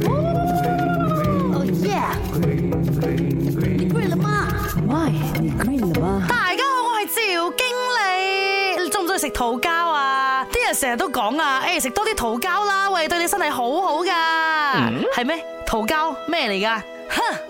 你 green 啦嘛？你 green 嘛？大家好，我係趙經理。你中唔中意食桃膠啊？啲人成日都講啊，誒、欸，食多啲桃膠啦，喂，對你身體好好噶，係咩、mm?？桃膠咩嚟噶？哼！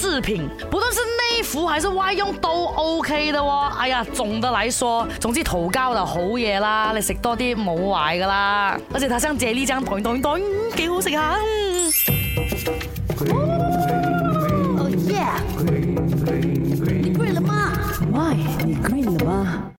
製品，不論是內服還是外用都 OK 的喎、哦。哎呀，總的來說，總之桃膠就好嘢啦，你食多啲冇壞噶啦。而且，他想借呢張袋袋袋，幾好食下。嗯。